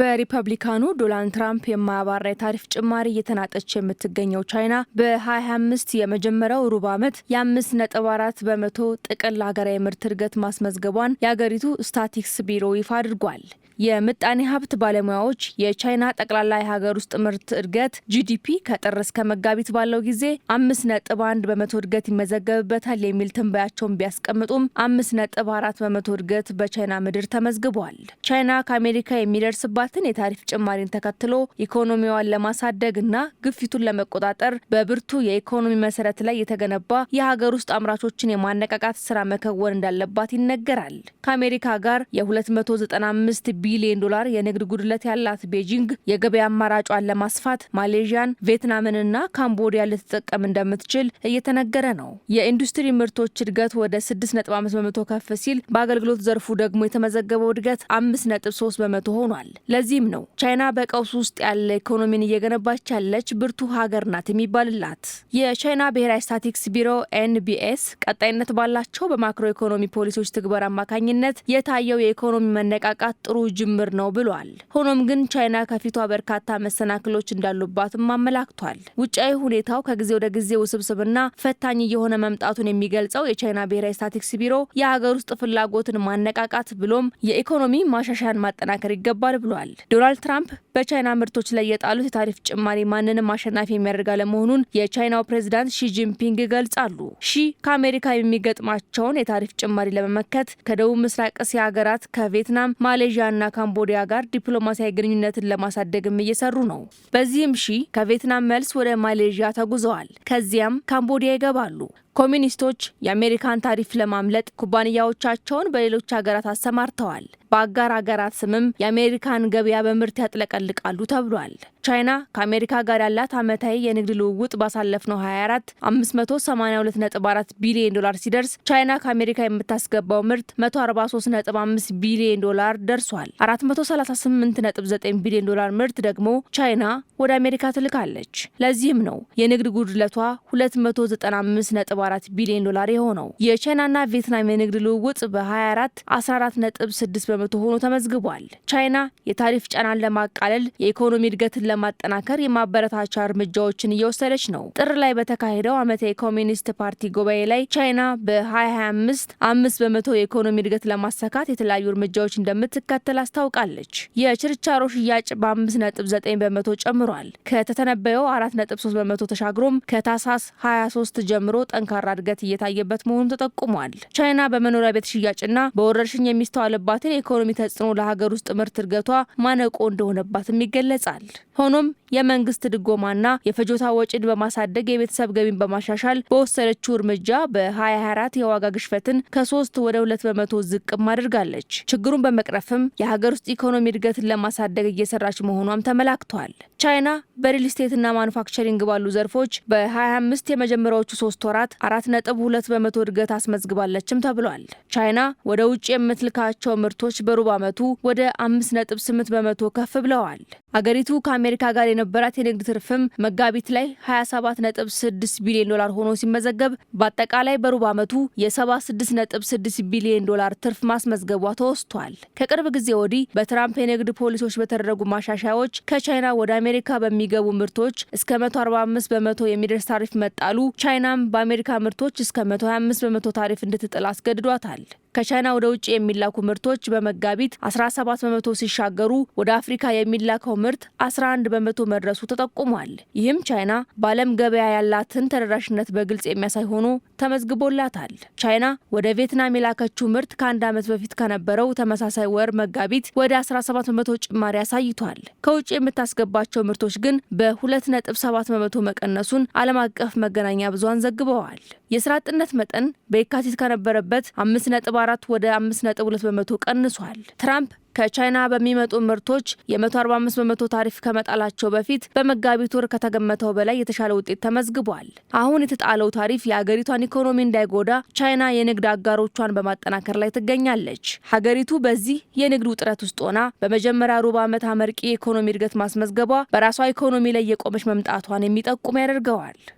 በሪፐብሊካኑ ዶናልድ ትራምፕ የማያባራ የታሪፍ ጭማሪ እየተናጠች የምትገኘው ቻይና በ2025 የመጀመሪያው ሩብ ዓመት የአምስት ነጥብ አራት በመቶ ጥቅል ሀገራዊ ምርት እድገት ማስመዝገቧን የአገሪቱ ስታቲክስ ቢሮ ይፋ አድርጓል። የምጣኔ ሀብት ባለሙያዎች የቻይና ጠቅላላ የሀገር ውስጥ ምርት እድገት ጂዲፒ ከጥር እስከ መጋቢት ባለው ጊዜ አምስት ነጥብ አንድ በመቶ እድገት ይመዘገብበታል የሚል ትንበያቸውን ቢያስቀምጡም አምስት ነጥብ አራት በመቶ እድገት በቻይና ምድር ተመዝግቧል። ቻይና ከአሜሪካ የሚደርስባትን የታሪፍ ጭማሪን ተከትሎ ኢኮኖሚዋን ለማሳደግ እና ግፊቱን ለመቆጣጠር በብርቱ የኢኮኖሚ መሰረት ላይ የተገነባ የሀገር ውስጥ አምራቾችን የማነቃቃት ስራ መከወን እንዳለባት ይነገራል። ከአሜሪካ ጋር የ295 ቢሊዮን ዶላር የንግድ ጉድለት ያላት ቤጂንግ የገበያ አማራጯን ለማስፋት ማሌዥያን፣ ቪየትናምንና ካምቦዲያ ልትጠቀም እንደምትችል እየተነገረ ነው። የኢንዱስትሪ ምርቶች እድገት ወደ 6.5 በመቶ ከፍ ሲል በአገልግሎት ዘርፉ ደግሞ የተመዘገበው እድገት 5.3 በመቶ ሆኗል። ለዚህም ነው ቻይና በቀውስ ውስጥ ያለ ኢኮኖሚን እየገነባች ያለች ብርቱ ሀገር ናት የሚባልላት። የቻይና ብሔራዊ ስታቲክስ ቢሮ ኤንቢኤስ ቀጣይነት ባላቸው በማክሮ ኢኮኖሚ ፖሊሲዎች ትግበር አማካኝነት የታየው የኢኮኖሚ መነቃቃት ጥሩ ጅምር ነው ብሏል። ሆኖም ግን ቻይና ከፊቷ በርካታ መሰናክሎች እንዳሉባትም አመላክቷል። ውጫዊ ሁኔታው ከጊዜ ወደ ጊዜ ውስብስብና ፈታኝ እየሆነ መምጣቱን የሚገልጸው የቻይና ብሔራዊ ስታቲክስ ቢሮ የሀገር ውስጥ ፍላጎትን ማነቃቃት ብሎም የኢኮኖሚ ማሻሻያን ማጠናከር ይገባል ብሏል። ዶናልድ ትራምፕ በቻይና ምርቶች ላይ የጣሉት የታሪፍ ጭማሪ ማንንም አሸናፊ የሚያደርግ አለመሆኑን የቻይናው ፕሬዚዳንት ሺ ጂንፒንግ ይገልጻሉ። ሺ ከአሜሪካ የሚገጥማቸውን የታሪፍ ጭማሪ ለመመከት ከደቡብ ምስራቅ እስያ ሀገራት ከቪየትናም፣ ማሌዥያና ካምቦዲያ ጋር ዲፕሎማሲያዊ ግንኙነትን ለማሳደግም እየሰሩ ነው። በዚህም ሺ ከቬትናም መልስ ወደ ማሌዥያ ተጉዘዋል። ከዚያም ካምቦዲያ ይገባሉ። ኮሚኒስቶች የአሜሪካን ታሪፍ ለማምለጥ ኩባንያዎቻቸውን በሌሎች ሀገራት አሰማርተዋል። በአጋር ሀገራት ስምም የአሜሪካን ገበያ በምርት ያጥለቀልቃሉ ተብሏል። ቻይና ከአሜሪካ ጋር ያላት ዓመታዊ የንግድ ልውውጥ ባሳለፍነው 24 582.4 ቢሊዮን ዶላር ሲደርስ ቻይና ከአሜሪካ የምታስገባው ምርት 143.5 ቢሊዮን ዶላር ደርሷል። 438.9 ቢሊዮን ዶላር ምርት ደግሞ ቻይና ወደ አሜሪካ ትልካለች። ለዚህም ነው የንግድ ጉድለቷ 295 1.4 ቢሊዮን ዶላር የሆነው። የቻይናና ቪየትናም የንግድ ልውውጥ በ24 6 በመቶ ሆኖ ተመዝግቧል። ቻይና የታሪፍ ጫናን ለማቃለል የኢኮኖሚ እድገትን ለማጠናከር የማበረታቻ እርምጃዎችን እየወሰደች ነው። ጥር ላይ በተካሄደው ዓመት የኮሚኒስት ፓርቲ ጉባኤ ላይ ቻይና በ2025 አምስት በመቶ የኢኮኖሚ እድገት ለማሳካት የተለያዩ እርምጃዎች እንደምትከተል አስታውቃለች። የችርቻሮ ሽያጭ በ5.9 በመቶ ጨምሯል። ከተተነበየው 4.3 በመቶ ተሻግሮም ከታሳስ 23 ጀምሮ ጠንካ ጠንካራ እድገት እየታየበት መሆኑ ተጠቁሟል። ቻይና በመኖሪያ ቤት ሽያጭና በወረርሽኝ የሚስተዋልባትን የኢኮኖሚ ተጽዕኖ ለሀገር ውስጥ ምርት እድገቷ ማነቆ እንደሆነባትም ይገለጻል። ሆኖም የመንግስት ድጎማና የፍጆታ ወጪን በማሳደግ የቤተሰብ ገቢን በማሻሻል በወሰደችው እርምጃ በ2024 የዋጋ ግሽፈትን ከ3 ወደ 2 በመቶ ዝቅም አድርጋለች። ችግሩን በመቅረፍም የሀገር ውስጥ ኢኮኖሚ እድገትን ለማሳደግ እየሰራች መሆኗም ተመላክቷል። ቻይና በሪል ስቴትና ማኑፋክቸሪንግ ባሉ ዘርፎች በ25 የመጀመሪያዎቹ ሶስት ወራት 4.2 በመቶ እድገት አስመዝግባለችም ተብሏል። ቻይና ወደ ውጭ የምትልካቸው ምርቶች በሩብ ዓመቱ ወደ 5.8 በመቶ ከፍ ብለዋል። አገሪቱ ከአሜሪካ ጋር የነበራት የንግድ ትርፍም መጋቢት ላይ 27.6 ቢሊዮን ዶላር ሆኖ ሲመዘገብ በአጠቃላይ በሩብ ዓመቱ የ76.6 ቢሊዮን ዶላር ትርፍ ማስመዝገቧ ተወስቷል። ከቅርብ ጊዜ ወዲህ በትራምፕ የንግድ ፖሊሶች በተደረጉ ማሻሻያዎች ከቻይና ወደ አሜሪካ በሚገቡ ምርቶች እስከ 145 በመቶ የሚደርስ ታሪፍ መጣሉ ቻይናም በአሜሪካ ምርቶች እስከ 125 በመቶ ታሪፍ እንድትጥል አስገድዷታል። ከቻይና ወደ ውጭ የሚላኩ ምርቶች በመጋቢት 17 በመቶ ሲሻገሩ ወደ አፍሪካ የሚላከው ምርት 11 በመቶ መድረሱ ተጠቁሟል። ይህም ቻይና በዓለም ገበያ ያላትን ተደራሽነት በግልጽ የሚያሳይ ሆኖ ተመዝግቦላታል። ቻይና ወደ ቪየትናም የላከችው ምርት ከአንድ ዓመት በፊት ከነበረው ተመሳሳይ ወር መጋቢት ወደ 17 በመቶ ጭማሪ አሳይቷል። ከውጭ የምታስገባቸው ምርቶች ግን በ2.7 በመቶ መቀነሱን ዓለም አቀፍ መገናኛ ብዙሃን ዘግበዋል። የስራ አጥነት መጠን በየካቲት ከነበረበት 5.4 ወደ 5.2 በመቶ ቀንሷል። ትራምፕ ከቻይና በሚመጡ ምርቶች የ145 በመቶ ታሪፍ ከመጣላቸው በፊት በመጋቢት ወር ከተገመተው በላይ የተሻለ ውጤት ተመዝግቧል። አሁን የተጣለው ታሪፍ የአገሪቷን ኢኮኖሚ እንዳይጎዳ ቻይና የንግድ አጋሮቿን በማጠናከር ላይ ትገኛለች። ሀገሪቱ በዚህ የንግድ ውጥረት ውስጥ ሆና በመጀመሪያ ሩብ ዓመት አመርቂ የኢኮኖሚ እድገት ማስመዝገቧ በራሷ ኢኮኖሚ ላይ የቆመች መምጣቷን የሚጠቁም ያደርገዋል።